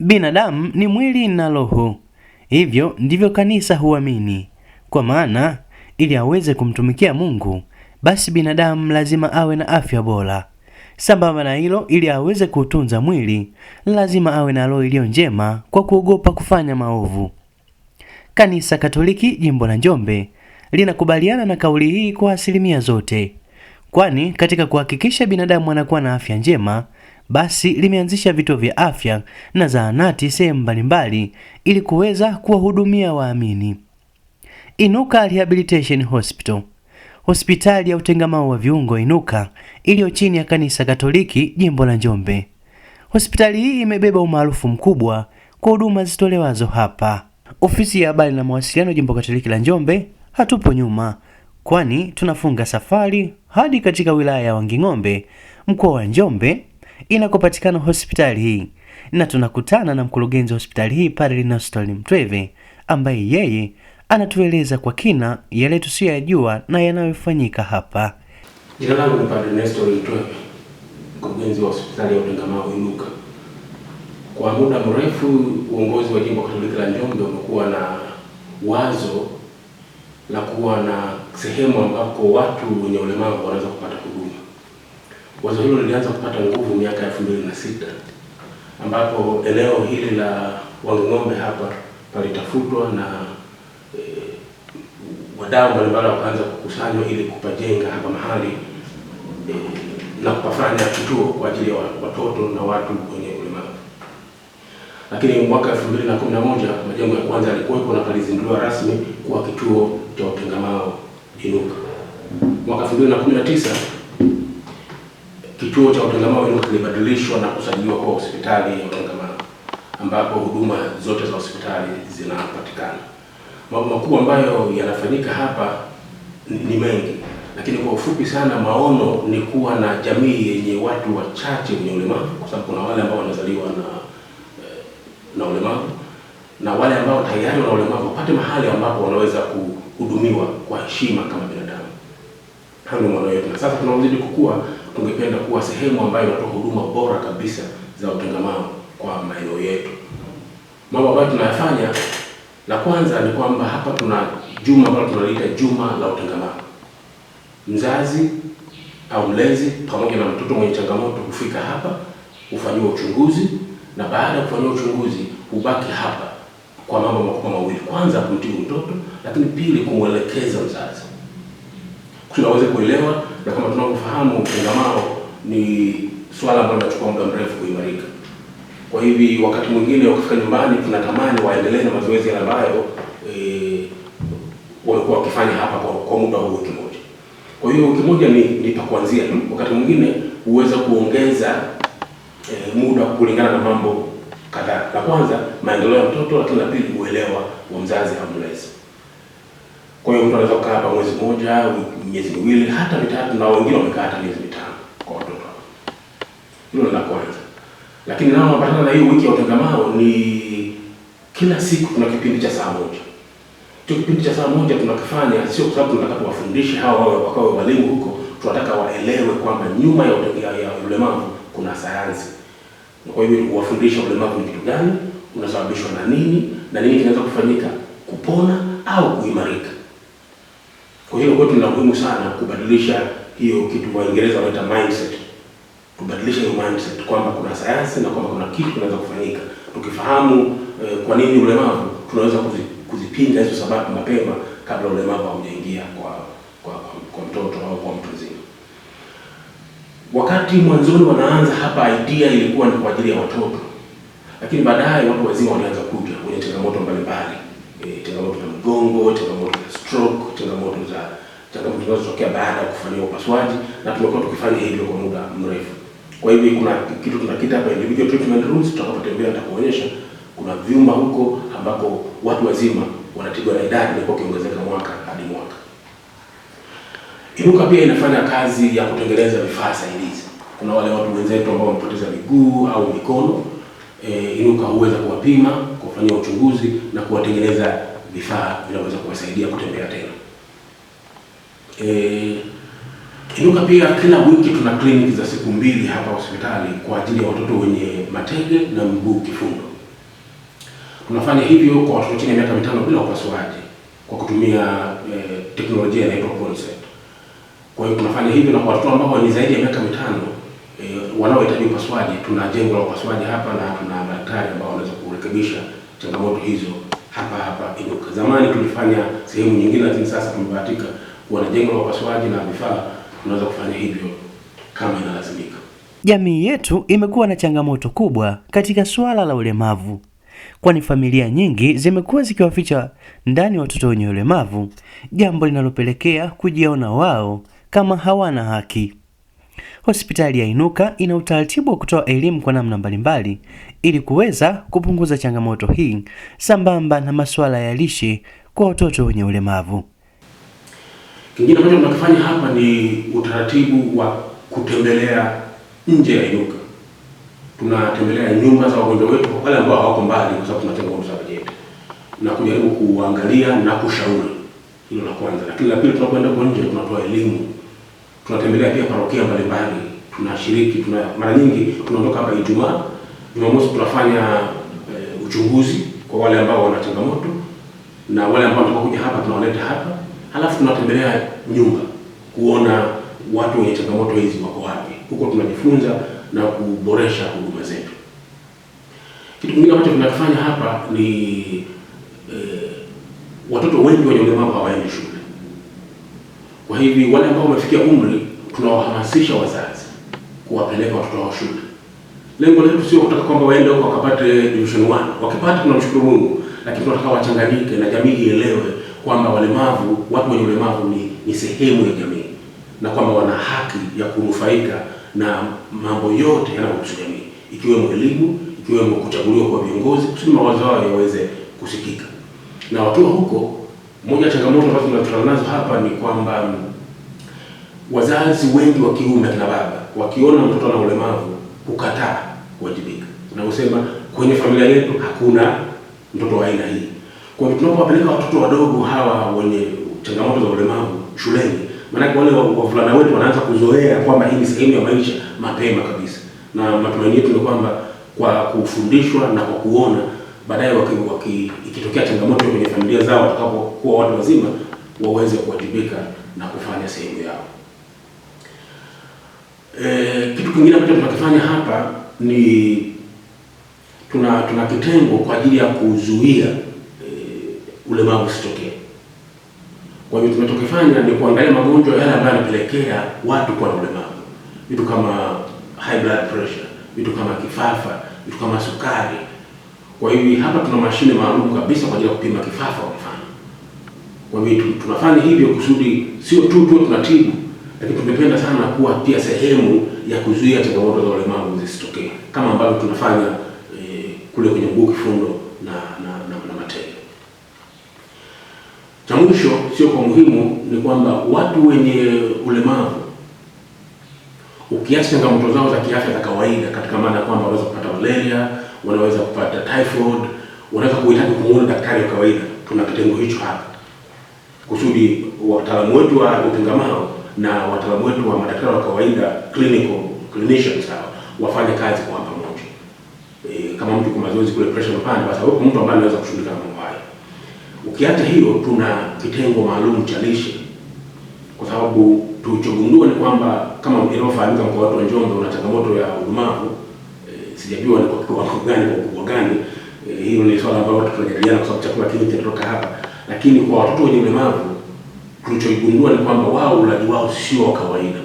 Binadamu ni mwili na roho, hivyo ndivyo kanisa huamini. Kwa maana ili aweze kumtumikia Mungu, basi binadamu lazima awe na afya bora. Sambamba na hilo, ili aweze kuutunza mwili, lazima awe na roho iliyo njema kwa kuogopa kufanya maovu. Kanisa Katoliki Jimbo la Njombe linakubaliana na kauli hii kwa asilimia zote, kwani katika kuhakikisha binadamu anakuwa na afya njema basi limeanzisha vituo vya afya na zahanati sehemu mbalimbali ili kuweza kuwahudumia waamini. Inuka Rehabilitation Hospital, hospitali ya utengamao wa viungo Inuka iliyo chini ya kanisa Katoliki jimbo la Njombe. Hospitali hii imebeba umaarufu mkubwa kwa huduma zitolewazo hapa. Ofisi ya habari na mawasiliano jimbo Katoliki la Njombe hatupo nyuma, kwani tunafunga safari hadi katika wilaya ya Wanging'ombe mkoa wa Njombe inakopatikana hospitali hii, na tunakutana na mkurugenzi wa hospitali hii Padre Nostoli Mtweve ambaye yeye anatueleza kwa kina yale tusiyoyajua na yanayofanyika hapa. Jina langu ni Padre Nostoli Mtweve, mkurugenzi wa hospitali ya Utengamavu Inuka. Kwa muda mrefu uongozi wa jimbo Katoliki la Njombe umekuwa na wazo la kuwa na sehemu ambako watu wenye ulemavu wanaweza kupata huduma Wazo hilo lilianza kupata nguvu miaka elfu mbili na sita ambapo eneo hili la Wanging'ombe hapa palitafutwa na e, wadau mbalimbali wakaanza kukusanywa ili kupajenga hapa mahali e, na kupafanya kituo kwa ajili ya watoto na watu wenye ulemavu. Lakini mwaka moja majengo ya kwanza yalikuwepo na palizinduliwa rasmi kuwa kituo cha utengamao Inuka. Mwaka 2019 Kituo cha utengamao kilibadilishwa na kusajiliwa kwa hospitali ya utengamao ambapo huduma zote za hospitali zinapatikana. Mambo makubwa ambayo yanafanyika hapa ni mengi, lakini kwa ufupi sana, maono ni kuwa na jamii yenye watu wachache wenye ulemavu, kwa sababu kuna wale ambao wanazaliwa na eh, na ulemavu na wale ambao tayari wana ulemavu wapate mahali ambapo wanaweza kuhudumiwa kwa heshima kama binadamu. Hayo ni maono yetu, na sasa tunazidi kukua tungependa kuwa sehemu ambayo inatoa huduma bora kabisa za utangamano kwa maeneo yetu. Mambo ambayo tunayafanya, la kwanza ni kwamba hapa tuna juma ambalo tunaliita juma la utangamano. Mzazi au mlezi pamoja na mtoto mwenye changamoto hufika hapa, hufanyiwa uchunguzi, na baada ya kufanyiwa uchunguzi hubaki hapa kwa mambo makubwa mawili: kwanza kumtibu mtoto, lakini pili kumwelekeza mzazi tunaweza kuelewa na kama tunavyofahamu mtengamano ni swala ambalo linachukua muda mrefu kuimarika. Kwa hivi wakati mwingine wakifika nyumbani, tunatamani waendelee na mazoezi yale ambayo e, walikuwa wakifanya hapa kwa, kwa muda huu wiki moja. Kwa hiyo wiki moja ni, ni pa kuanzia tu. Wakati mwingine huweza kuongeza e, muda kulingana na mambo kadhaa. La kwanza maendeleo ya mtoto, lakini la pili uelewa wa mzazi au mlezi. Kwa hiyo mtu anaweza kukaa hapa mwezi mmoja, miezi miwili, hata mitatu, na wengine wamekaa hata miezi mitano kwa watoto Hilo la kwanza. Lakini nao wanapatana na hiyo wiki ya utengamao ni kila siku kuna kipindi cha saa moja. Hicho kipindi cha saa moja tunakifanya sio kwa sababu tunataka kuwafundisha hao wao wakawe walimu huko, tunataka waelewe kwamba nyuma ya ya ulemavu kuna sayansi. Kwa hivyo kuwafundisha ulemavu ni kitu gani, unasababishwa na nini, na nini kinaweza kufanyika kupona au kuimarika. Kwa hiyo kwetu ni muhimu sana kubadilisha hiyo kitu kwa Kiingereza wanaita mindset, kubadilisha hiyo mindset kwamba kuna sayansi na kwamba kuna kitu kinaweza kufanyika. Tukifahamu eh, kwa nini ulemavu, tunaweza kuzipinga hizo sababu mapema kabla ulemavu haujaingia kwa kwa, kwa mtoto au kwa mtu mzima. Wakati mwanzoni wanaanza hapa, idea ilikuwa ni kwa ajili ya watoto, lakini baadaye watu wazima walianza kuja wenye changamoto mbalimbali, eh, changamoto za mgongo, changamoto katika mtu zinazotokea baada ya kufanyiwa upasuaji, na tumekuwa tukifanya hivyo kwa muda mrefu. Kwa hivyo kuna kitu tunakita hapa individual treatment rooms. Tutakapotembea nitakuonyesha kuna vyumba huko ambako watu wazima wanatibiwa na idadi imekuwa ikiongezeka mwaka hadi mwaka. Inuka pia inafanya kazi ya kutengeneza vifaa saidizi. Kuna wale watu wenzetu ambao wamepoteza miguu au mikono e, Inuka huweza kuwapima, kuwafanyia uchunguzi na kuwatengeneza vifaa vinavyoweza kuwasaidia kutembea tena. E, inuka pia kila wiki tuna kliniki za siku mbili hapa hospitali kwa ajili ya watoto wenye matege na mguu kifundo. Tunafanya hivyo kwa watoto chini ya miaka mitano bila upasuaji kwa kutumia eh, teknolojia inaitwa Concept. Kwa hiyo tunafanya hivyo na kwa watoto ambao ni zaidi ya miaka mitano eh, wanaohitaji upasuaji, tuna jengo la upasuaji hapa na tuna daktari ambao wanaweza kurekebisha changamoto hizo hapa hapa Inuka. Zamani tulifanya sehemu nyingine, lakini sasa tumebahatika wanajengo la upasuaji na vifaa, tunaweza kufanya hivyo kama inalazimika. Jamii yetu imekuwa na changamoto kubwa katika suala la ulemavu, kwani familia nyingi zimekuwa zikiwaficha ndani watoto wenye ulemavu, jambo linalopelekea kujiona wao kama hawana haki. Hospitali ya Inuka ina utaratibu wa kutoa elimu kwa namna mbalimbali ili kuweza kupunguza changamoto hii sambamba na masuala ya lishe kwa watoto wenye ulemavu. Kingine ambacho tunakifanya hapa ni utaratibu wa kutembelea nje ya inuka. Tunatembelea nyumba za wagonjwa wetu, wale ambao hawako mbali, kwa sababu tuna changamoto za bajeti, na kujaribu kuangalia na kushauri. Hilo la kwanza, lakini la pili, tunakwenda kwa nje, tunatoa elimu, tunatembelea pia parokia mbalimbali, tunashiriki tuna, mara nyingi tunaondoka hapa Ijumaa, Jumamosi tunafanya e, uchunguzi kwa wale ambao wana changamoto na wale ambao watakuja hapa tunawaleta hapa halafu tunatembelea nyumba kuona watu wenye changamoto hizi wako wapi. Huko tunajifunza na kuboresha huduma zetu. Kitu kingine ambacho tunakifanya hapa ni eh, watoto wengi wenye ulemavu hawaendi shule. Kwa hivi wale ambao wamefikia umri, tunawahamasisha wazazi kuwapeleka watoto wao shule. Lengo letu sio kutaka kwamba waende huko wakapate division 1. Wakipata tunamshukuru Mungu, lakini tunataka wachanganyike na jamii ielewe kwamba walemavu, watu wenye ulemavu ni, ni sehemu ya jamii na kwamba wana haki ya kunufaika na mambo yote yanayohusu jamii ikiwemo elimu, ikiwemo kuchaguliwa kwa viongozi kusudi mawazo yao yaweze kusikika. Na wakiwa huko, moja ya changamoto ambazo tunakutana nazo hapa ni kwamba wazazi wengi wa kiume na baba wakiona mtoto ana ulemavu hukataa kuwajibika na kusema kwenye familia yetu hakuna mtoto wa aina hii kwa tunapowapeleka watoto wadogo hawa wenye changamoto za ulemavu shuleni, maanake wale wavulana wetu wanaanza kuzoea kwamba hii ni sehemu ya maisha mapema kabisa, na matumaini yetu ni kwamba kwa kufundishwa na kwa kuona baadaye ikitokea changamoto kwenye familia zao, watakapokuwa watu wazima waweze kuwajibika na kufanya sehemu yao. E, kitu kingine ambacho tunakifanya hapa ni tuna tuna kitengo kwa ajili ya kuzuia ulemavu usitokee. Kwa hiyo tunachokifanya ni kuangalia magonjwa yale ambayo yanapelekea watu kuwa na ulemavu, vitu kama high blood pressure, vitu kama kifafa, vitu kama sukari. Kwa hiyo hapa tuna mashine maalum kabisa kwa ajili ya kupima kifafa kwa mfano. Kwa hiyo tunafanya hivyo kusudi sio tu tu tunatibu, lakini tumependa sana kuwa pia sehemu ya kuzuia changamoto za ulemavu zisitokee, kama ambavyo tunafanya eh, kule kwenye mguu kifundo Cha mwisho sio kwa muhimu ni kwamba watu wenye ulemavu ukiacha changamoto zao za kiafya za kawaida, katika maana ya kwamba wanaweza kupata malaria, wanaweza kupata typhoid, wanaweza kuhitaji kumuona daktari wa kawaida, tuna kitengo hicho hapa kusudi wataalamu wetu wa utengamao na wataalamu wetu wa madaktari wa kawaida clinical clinicians hao wafanye kazi kwa pamoja. E, kama mtu kwa mazoezi kule pressure mpana, basi huko mtu ambaye anaweza kushughulika Ukiacha hiyo, tuna kitengo maalum cha lishe, kwa sababu tulichogundua ni kwamba kama inavyofahamika kwa watu wa Njombe una changamoto ya udumavu. E, eh, sijajua ni kwa kiwango gani, kwa ukubwa gani. E, hilo ni swala ambalo watu tunajadiliana, kwa sababu chakula kingi kinatoka hapa, lakini kwa watoto wenye ulemavu tulichogundua ni kwamba wao ulaji wao sio wa kawaida.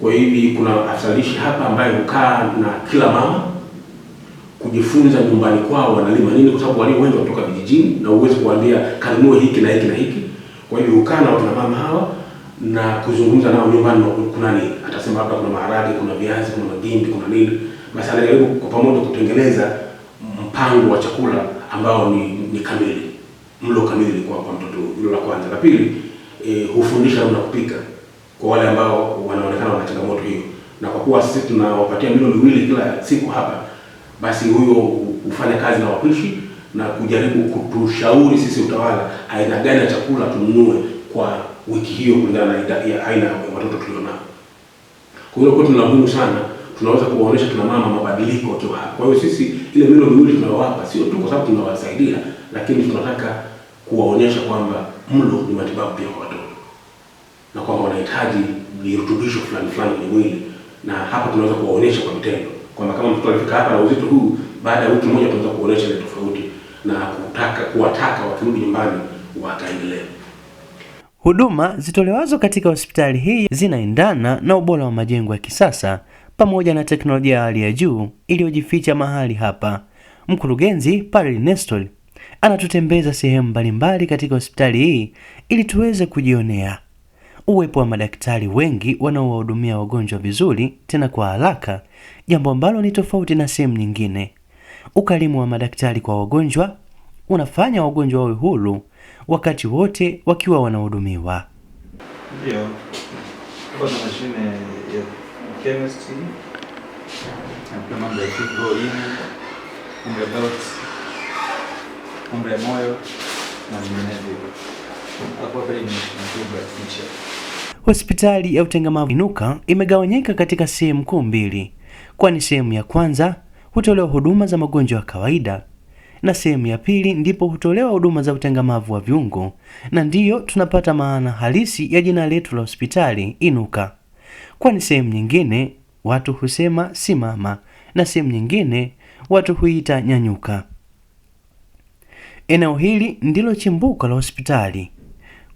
Kwa hivi kuna afisa lishe hapa ambaye hukaa na kila mama kujifunza nyumbani kwao wanalima nini, kwa sababu walio wengi kutoka vijijini na uwezi kuambia kanunue hiki na hiki na hiki. Kwa hiyo ukaa na wakina mama hawa na kuzungumza nao nyumbani, kuna nini, atasema hapa kuna maharage, kuna viazi, kuna magimbi, kuna nini, basi anajaribu kwa pamoja kutengeneza mpango wa chakula ambao ni, ni kamili, mlo kamili kwa kwa mtoto. Hilo la kwanza. La pili, e, hufundisha namna kupika kwa wale ambao wanaonekana wana changamoto hiyo, na kwa kuwa sisi tunawapatia milo miwili kila siku hapa basi huyo hufanya kazi na wapishi na kujaribu kutushauri sisi utawala aina gani ya chakula tununue kwa wiki hiyo kulingana na aina ya watoto tulionao. Kwa hiyo kwetu ni muhimu sana, tunaweza kuwaonyesha tuna mama mabadiliko tu hapa. Kwa hiyo sisi ile milo miwili tunayowapa sio tu kwa sababu tunawasaidia, lakini tunataka kuwaonyesha kwamba mlo ni matibabu pia kwa watoto na kwamba wanahitaji virutubisho fulani fulani kwenye mwili, na hapa tunaweza kuwaonyesha kwa vitendo kwamba kama mtoto alifika hapa na uzito huu, baada ya wiki moja tunaweza kuonesha ile tofauti na kutaka kuwataka wakirudi nyumbani wataendelea. Huduma zitolewazo katika hospitali hii zinaendana na ubora wa majengo ya kisasa pamoja na teknolojia ya hali ya juu iliyojificha mahali hapa. Mkurugenzi Padri Nestor anatutembeza sehemu mbalimbali katika hospitali hii ili tuweze kujionea uwepo wa madaktari wengi wanaowahudumia wagonjwa vizuri tena kwa haraka, jambo ambalo ni tofauti na sehemu nyingine. Ukarimu wa madaktari kwa wagonjwa unafanya wagonjwa wawe huru wakati wote wakiwa wanahudumiwa. Ndio mashine ya chemistry na mambo ya mambo ya belt, mambo ya moyo na Hapo ni ya Hospitali ya Utengamavu Inuka imegawanyika katika sehemu kuu mbili, kwani sehemu ya kwanza hutolewa huduma za magonjwa ya kawaida na sehemu ya pili ndipo hutolewa huduma za utengamavu wa viungo, na ndiyo tunapata maana halisi ya jina letu la hospitali Inuka, kwani sehemu nyingine watu husema simama na sehemu nyingine watu huita nyanyuka. Eneo hili ndilo chimbuko la hospitali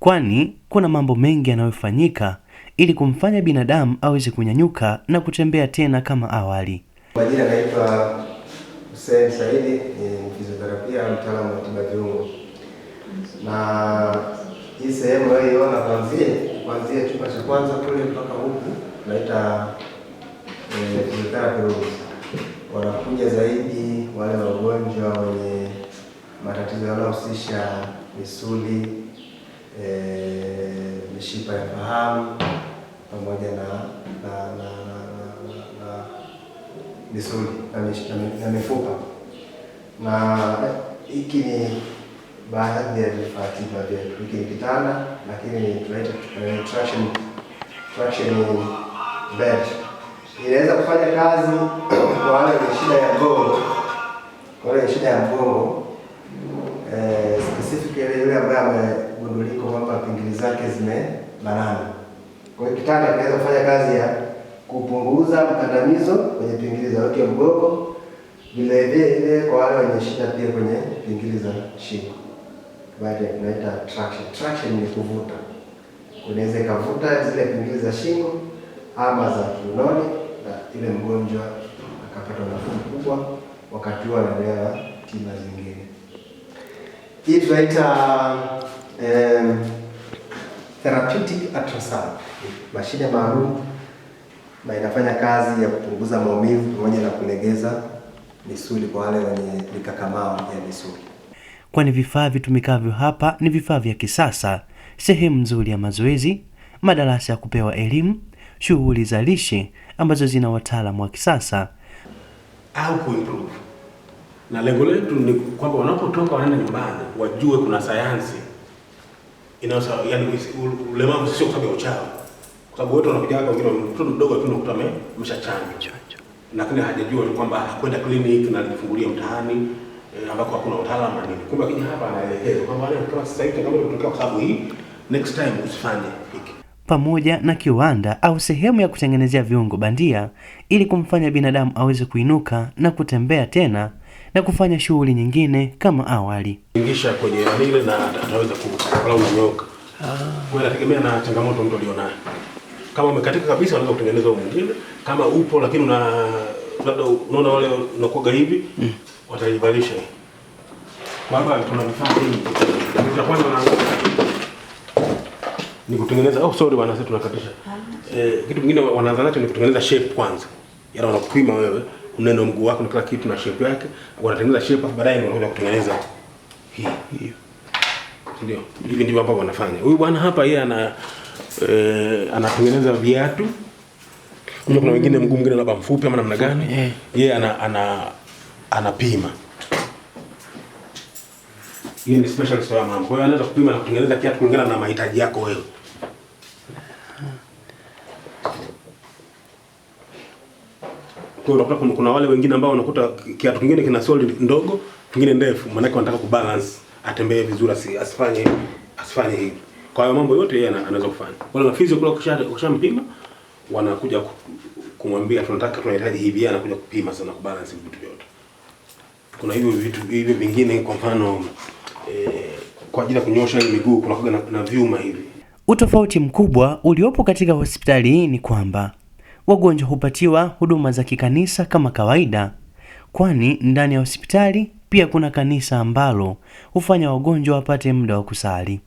kwani kuna mambo mengi yanayofanyika ili kumfanya binadamu aweze kunyanyuka na kutembea tena kama awali. Majina naitwa Hussein Saidi, ni fizioterapia, mtaalamu wa tiba viungo, na hii sehemu nayoiona kwanzie kwanzie chumba cha kwanza kule mpaka huku naita e, eh, Wanakuja zaidi wale wagonjwa wenye matatizo yanayohusisha misuli Eh, mishipa ya fahamu pamoja na na na na na na misuli na na, mifupa. Na hiki ni baadhi ya vifaa tiba vyetu. Hiki ni kitanda, lakini ni tunaita eh, traction traction bed inaweza kufanya kazi kwa wale wenye shida ya mgongo, kwa wale wenye shida ya mgongo eh, specifically yule ambaye mgunduliko kwamba pingili zake zimebanana. Kwa hiyo kitanda kinaweza kufanya kazi ya kupunguza mkandamizo kwenye pingili za uti wa mgongo, vile vile kwa wale wenye shida pia kwenye pingili za shingo, baada ya tunaita traction. Traction ni kuvuta, unaweza ikavuta zile pingili za shingo ama za kiunoni, na ile mgonjwa akapata nafuu kubwa, wakati huo anaendelea tiba zingine. Hii tunaita therapeutic ultrasound mashine maalum na inafanya kazi ya kupunguza maumivu pamoja na kulegeza misuli kwa wale wenye mikakamao ya misuli, kwani vifaa vitumikavyo hapa ni vifaa vya kisasa, sehemu nzuri ya mazoezi, madarasa ya kupewa elimu, shughuli za lishe ambazo zina wataalamu wa kisasa au kuimprove. Na lengo letu ni kwamba wanapotoka wanaenda nyumbani wajue kuna sayansi inaweza yani ulemavu sio kwa sababu ya uchawi, kwa sababu wote wengine mtoto mdogo tu ameshachanjwa, lakini hajajua kwamba hakwenda kliniki na alijifungulia mtaani e, ambako hakuna utaalamu na nini. Kumbe akija hapa anaelekezwa kwamba sasa hivi kama kwa sababu hii, next time usifanye hiki. Pamoja na kiwanda au sehemu ya kutengenezea viungo bandia ili kumfanya binadamu aweze kuinuka na kutembea tena na kufanya shughuli nyingine kama awali. Ingisha kwenye lile na ataweza kula unyoka. Ah. Kwa inategemea na changamoto mtu alionayo. Kama umekatika kabisa unaweza kutengeneza mwingine, kama upo lakini una labda unaona wale unakoga hivi mm. Wataibalisha. Baba tuna vifaa vingi. Kwa kwanza na ni kutengeneza oh sorry bwana sasa tunakatisha. Ah. Eh, kitu kingine wanaanza nacho ni kutengeneza shape kwanza. Yaani wanakupima wewe unaenda mguu wako na kila kitu na shape yake, wanatengeneza shape baadaye ndio wanakuja kutengeneza hii hiyo. Ndio hivi ndivyo ambavyo wanafanya. Huyu bwana hapa yeye ana eh, anatengeneza viatu -hmm. kuna wengine mguu mwingine labda mfupi ama namna gani, yeye yeah. ana ana anapima hiyo ni special salama. Kwa hiyo anaweza kupima na kutengeneza kiatu kulingana na mahitaji yako wewe. Kwa hiyo unakuta kuna wale wengine ambao wanakuta kiatu kingine kina soli ndogo, kingine ndefu, maana yake wanataka kubalance, atembee vizuri, asifanye asifanye hivi. Kwa hiyo mambo yote yeye anaweza kufanya. Wale mafizio kule ukishampima wanakuja kumwambia tunataka tunahitaji hivi, yeye anakuja kupima sana kubalance vitu vyote. Kuna hivyo vitu hivi vingine kwa mfano eh, kwa ajili ya kunyosha kunyoosha miguu kuna na, na vyuma hivi. Utofauti mkubwa uliopo katika hospitali hii ni kwamba wagonjwa hupatiwa huduma za kikanisa kama kawaida, kwani ndani ya hospitali pia kuna kanisa ambalo hufanya wagonjwa wapate muda wa kusali.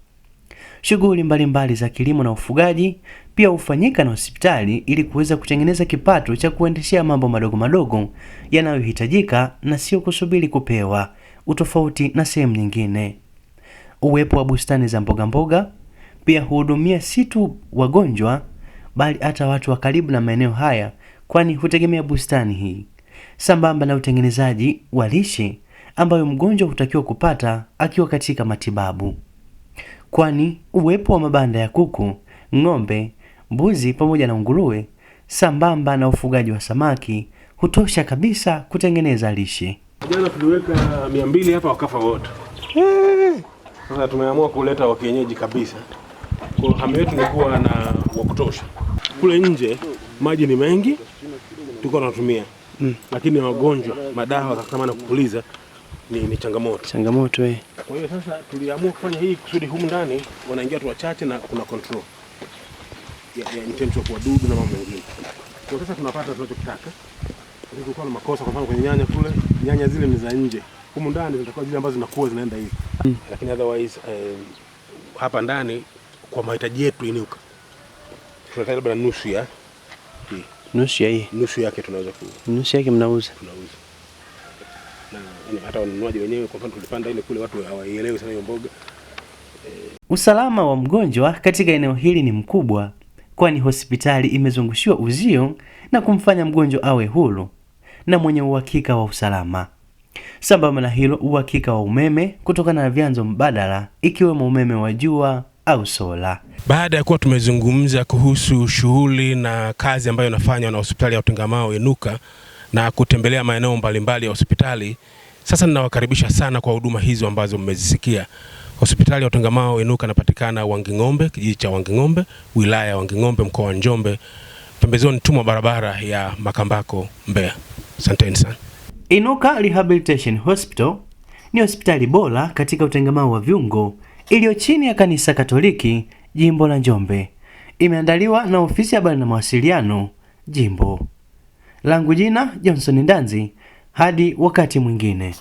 Shughuli mbalimbali za kilimo na ufugaji pia hufanyika na hospitali ili kuweza kutengeneza kipato cha kuendeshea mambo madogo madogo yanayohitajika na sio kusubiri kupewa, utofauti na sehemu nyingine. Uwepo wa bustani za mbogamboga pia huhudumia si tu wagonjwa bali hata watu wa karibu na maeneo haya, kwani hutegemea bustani hii, sambamba na utengenezaji wa lishe ambayo mgonjwa hutakiwa kupata akiwa katika matibabu, kwani uwepo wa mabanda ya kuku, ng'ombe, mbuzi pamoja na nguruwe sambamba na ufugaji wa samaki hutosha kabisa kutengeneza lishe. Jana tuliweka mia mbili hapa wakafa wote. Sasa tumeamua kuleta wa kienyeji kabisa, kwa hamu yetu ni kuwa na wa kutosha kule nje maji ni mengi tuko tunatumia mm. Lakini magonjwa madawa kama na kupuliza ni, ni changamoto changamoto eh. Kwa hiyo sasa tuliamua kufanya hii kusudi humu ndani wanaingia tu wachache na kuna control ya, ya in terms of wadudu na mambo mengine. Kwa sasa tunapata tunachokitaka. Kulikuwa na makosa kwa mfano kwenye nyanya kule, nyanya zile ni za nje. Humu ndani zitakuwa zile ambazo zinakuwa zinaenda hivi. Mm. Lakini otherwise eh, hapa ndani kwa mahitaji yetu inuka tunataka labda nusu ya hii. Nusu ya hii. Nusu yake tunaweza ku. Nusu yake mnauza. Tunauza. Na hata wanunuaji wenyewe kwa mfano tulipanda ile kule watu hawaielewi sana hiyo mboga. Eh. Usalama wa mgonjwa katika eneo hili ni mkubwa kwani hospitali imezungushiwa uzio na kumfanya mgonjwa awe huru na mwenye uhakika wa usalama. Sambamba na hilo, uhakika wa umeme kutokana na vyanzo mbadala ikiwemo umeme wa jua, au sola. Baada ya kuwa tumezungumza kuhusu shughuli na kazi ambayo inafanywa na hospitali ya Utengamao Inuka na kutembelea maeneo mbalimbali ya hospitali, sasa ninawakaribisha sana kwa huduma hizo ambazo mmezisikia. Hospitali ya Utengamao Inuka inapatikana Wanging'ombe, kijiji cha Wanging'ombe, wilaya ya Wanging'ombe, mkoa wa Njombe, pembezoni tumwa barabara ya Makambako Mbeya. Asanteni sana. Inuka Rehabilitation Hospital ni hospitali bora katika utengamao wa viungo iliyo chini ya Kanisa Katoliki Jimbo la Njombe, imeandaliwa na Ofisi ya Habari na Mawasiliano Jimbo. Langu jina Johnson Ndanzi, hadi wakati mwingine.